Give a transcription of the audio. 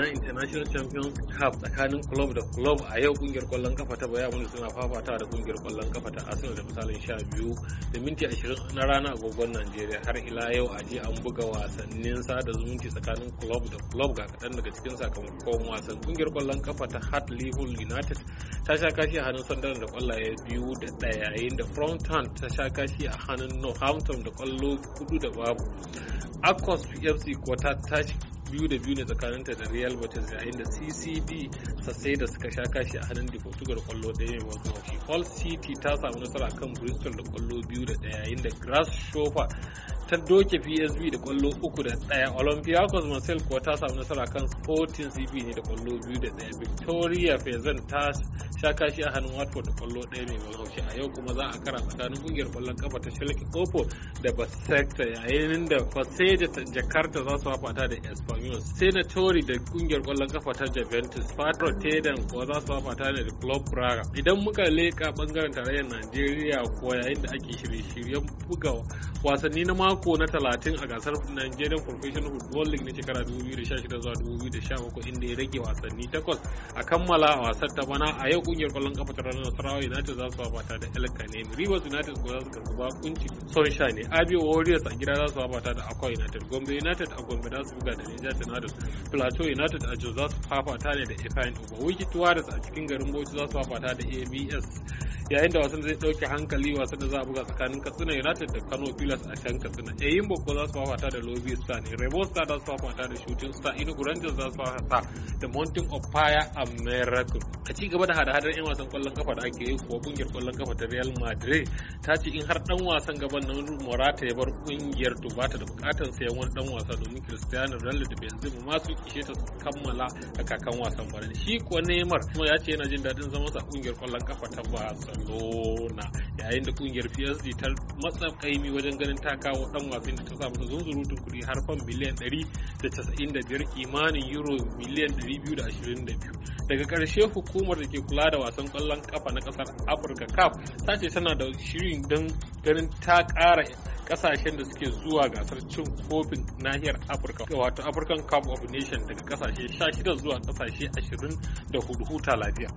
na international champions cup tsakanin club da club a yau kungiyar kwallon kafa ta baya mun suna fafatawa da kungiyar kwallon kafa ta arsenal da misalin sha biyu da minti ashirin na rana agogon najeriya har ila yau a jiya an buga wasannin sada zumunci tsakanin club da club ga kaɗan daga cikin sakamakon wasan kungiyar kwallon kafa ta hart liverpool united ta sha kashi a hannun sunderland da kwallaye biyu da ɗaya yayin da fronton ta sha kashi a hannun northampton da kwallo hudu da babu Akos FC kuwa ta tashi biyu da biyu ne tsakaninta da real betis yayin da ccb sassai da suka sha kashi a hannun da portugal kwallo daya mai wasu hall city ta samu nasara kan bristol da kwallo biyu da daya yayin da grass ta doke psv da kwallo uku da ɗaya olympiacos marcel kuwa ta samu nasara kan sporting CP ne da kwallo biyu da ɗaya victoria fezan ta sha kashi a hannun watford da kwallo ɗaya mai a yau kuma za a kara tsakanin kungiyar kwallon kafa ta shalke Kofo da basecta yayin da faseja ta jakarta za su wafata da espanyol senatori da kungiyar kwallon kafa ta juventus patro tedan kuwa za su wafata ne da club braga idan muka leka bangaren tarayyar najeriya ko yayin da ake shirye-shiryen buga wasanni na mako mako na 30 a gasar Nigerian Professional Football League na shekara 2016 zuwa 2017 inda ya rage wasanni takwas a kammala a wasar ta bana a yau kungiyar kwallon kafa ta ranar Nasarawa United za su wabata da El Kanemi Rivers United ko za su karɓi bakunci Sunshine Abio Warriors a gida za su wabata da Akwa United Gombe United a Gombe za su buga da Niger Tornadoes Plateau United a Jos za su fafata ne da Ifeanyi Oba Wiki Tuwares a cikin garin Bauchi za su wabata da ABS yayin da wasan zai dauke hankali wasan da za a buga tsakanin katsina united da kano pilas a can katsina yayin eh, bokko za su fafata da lobby star ne rebo star za su fafata da shooting star ina rangers za su fafata da mountain of fire a miracle a ci gaba da hada-hadar yan wasan kwallon kafa da ake yi kuwa kungiyar kwallon kafa ta real madrid ta ce in har dan wasan gaban nan morata ya bar kungiyar to ba da bukatar sayan wani dan wasa domin cristiano ronaldo da benzema ma su ishe ta kammala a kakan wasan barin shi kuwa neymar kuma ya ce yana jin daɗin zama sa kungiyar kwallon kafa ta barcelona zona yayin da kungiyar psd ta matsa kaimi wajen ganin ta kawo dan wasan da ta samu ta zunzurutun kudi har fan miliyan 195 imanin euro miliyan 222 daga ƙarshe hukumar da ke kula da wasan kwallon kafa na ƙasar afirka cap ta ce tana da shirin don ganin ta ƙara kasashen da suke zuwa gasar cin kofin nahiyar afirka wato african cup of nation daga kasashe 16 zuwa kasashe 24 huta lafiya.